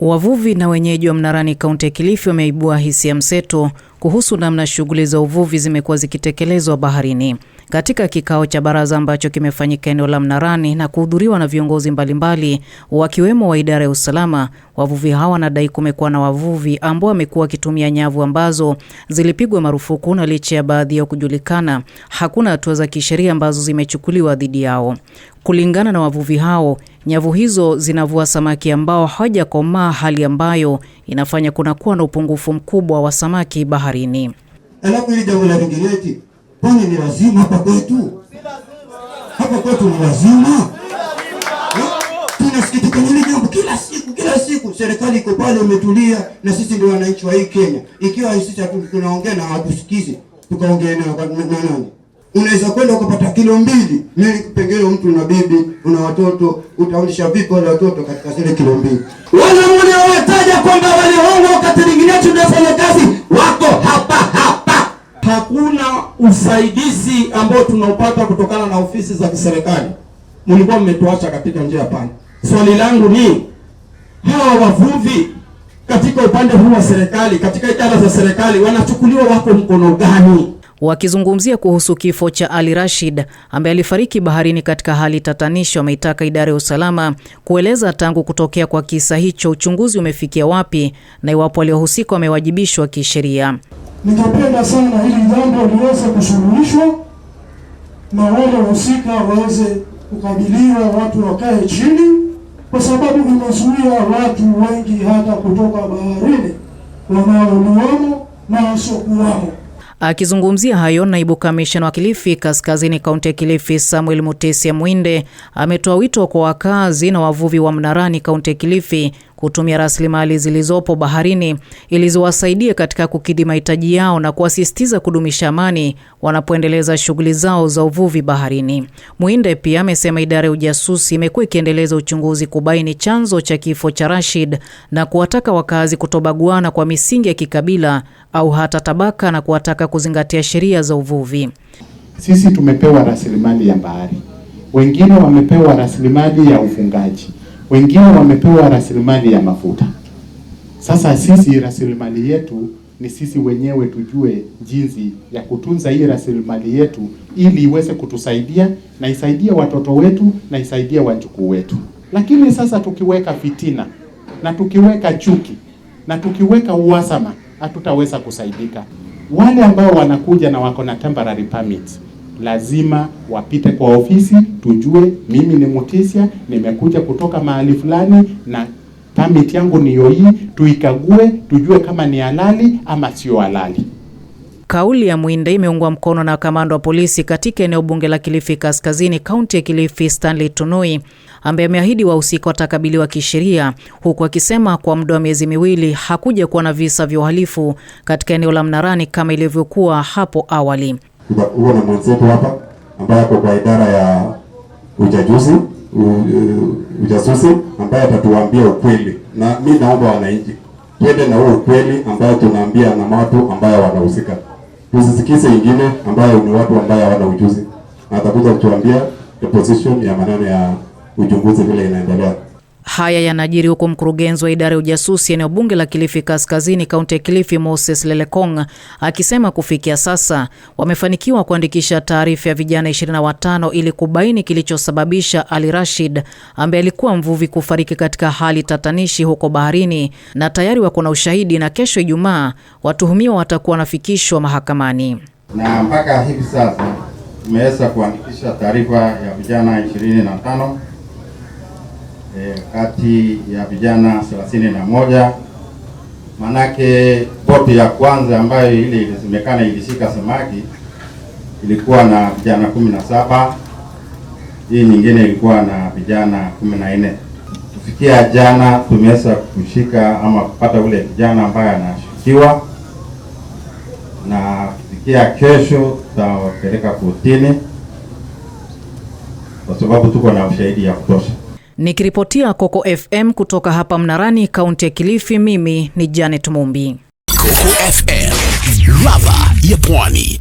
Wavuvi na wenyeji wa Mnarani kaunti ya Kilifi wameibua hisia mseto kuhusu namna shughuli za uvuvi zimekuwa zikitekelezwa baharini katika kikao cha baraza ambacho kimefanyika eneo la Mnarani na kuhudhuriwa na viongozi mbalimbali wakiwemo wa idara ya usalama. Wavuvi hawa wanadai kumekuwa na wavuvi ambao wamekuwa wakitumia nyavu ambazo zilipigwa marufuku, na licha ya baadhi yao kujulikana, hakuna hatua za kisheria ambazo zimechukuliwa dhidi yao. Kulingana na wavuvi hao, nyavu hizo zinavua samaki ambao hawajakomaa, hali ambayo inafanya kunakuwa na upungufu mkubwa wa samaki baharini. Alafu hili jambo la Kwani ni lazima hapa kwetu? Hapa kwetu ni lazima? Tunasikitika nini jambo kila siku kila siku, serikali iko pale imetulia, na sisi ndio wananchi wa hii Kenya. Ikiwa sisi tunaongea na hatusikizi, tukaongea na nani? Unaweza kwenda ukapata kilo mbili, mimi pengine mtu una bibi una watoto, utaonesha vipi wale watoto katika zile kilo mbili? Wale wanaowataja kwamba hongo wakati mwingine tunafanya kazi wako usaidizi ambao tunaopata kutokana na ofisi za kiserikali, mlikuwa mmetuacha katika njia pana. Swali langu ni hawa wavuvi katika upande huu wa serikali, katika idara za serikali wanachukuliwa wako mkono gani? Wakizungumzia kuhusu kifo cha Ali Rashid ambaye alifariki baharini katika hali tatanishi, wameitaka idara ya usalama kueleza tangu kutokea kwa kisa hicho uchunguzi umefikia wapi na iwapo waliohusika wamewajibishwa kisheria. Nitapenda sana hili jambo liweze kusuluhishwa na wale wahusika waweze kukabiliwa, watu wakae chini, kwa sababu imezuia watu wengi hata kutoka baharini, wanaoliwamo na wasiokuwamo. Akizungumzia hayo, naibu kamishna wa Kilifi Kaskazini, kaunti ya Kilifi, Samuel Mutesia Mwinde ametoa wito kwa wakazi na wavuvi wa Mnarani, kaunti ya Kilifi kutumia rasilimali zilizopo baharini ili ziwasaidie katika kukidhi mahitaji yao na kuwasisitiza kudumisha amani wanapoendeleza shughuli zao za uvuvi baharini. Muinde pia amesema idara ya ujasusi imekuwa ikiendeleza uchunguzi kubaini chanzo cha kifo cha Rashid na kuwataka wakazi kutobaguana kwa misingi ya kikabila au hata tabaka na kuwataka kuzingatia sheria za uvuvi. Sisi tumepewa rasilimali ya bahari, wengine wamepewa rasilimali ya ufungaji wengine wamepewa rasilimali ya mafuta. Sasa sisi rasilimali yetu ni sisi wenyewe, tujue jinsi ya kutunza hii rasilimali yetu ili iweze kutusaidia na isaidie watoto wetu na isaidie wajukuu wetu. Lakini sasa tukiweka fitina na tukiweka chuki na tukiweka uhasama hatutaweza kusaidika. Wale ambao wanakuja na wako na temporary permits lazima wapite kwa ofisi, tujue mimi ni Mutisia, nimekuja kutoka mahali fulani na permit yangu niyo hii, tuikague tujue kama ni halali ama sio halali. Kauli ya Mwinda imeungwa mkono na kamanda wa polisi katika eneo bunge la Kilifi Kaskazini, kaunti ya Kilifi, Stanley Tunui, ambaye ameahidi wahusika watakabiliwa kisheria, huku akisema kwa muda wa miezi miwili hakuja kuwa na visa vya uhalifu katika eneo la Mnarani kama ilivyokuwa hapo awali huo na mwenzetu hapa ambaye ako kwa idara ya ujajuzi ujasusi ambaye atatuambia ukweli, na mi naomba wananchi twende na huo ukweli ambayo tunaambia na watu ambayo wanahusika, tusisikize ingine ambayo ni watu ambayo hawana ujuzi, na atakuja kutuambia the position ya maneno ya uchunguzi vile inaendelea. Haya yanajiri huku mkurugenzi wa idara ya ujasusi eneo bunge la Kilifi Kaskazini, kaunti ya Kilifi, Moses Lelekong akisema kufikia sasa wamefanikiwa kuandikisha taarifa ya vijana 25 ili kubaini kilichosababisha Ali Rashid ambaye alikuwa mvuvi kufariki katika hali tatanishi huko baharini, na tayari wako na ushahidi, na kesho Ijumaa watuhumiwa watakuwa wanafikishwa mahakamani na mpaka hivi sasa tumeweza kuandikisha taarifa ya vijana 25 e, kati ya vijana thelathini na moja manake boti ya kwanza ambayo ile ilisemekana ilishika samaki ilikuwa na vijana kumi na saba hii nyingine ilikuwa na vijana kumi na nne kufikia jana tumeweza kushika ama kupata ule kijana ambaye anashukiwa na kufikia kesho tutawapeleka kotini kwa sababu tuko na ushahidi ya kutosha. Nikiripotia Coco FM kutoka hapa Mnarani, kaunti ya Kilifi, mimi ni Janet Mumbi, Coco FM, ladha ya Pwani.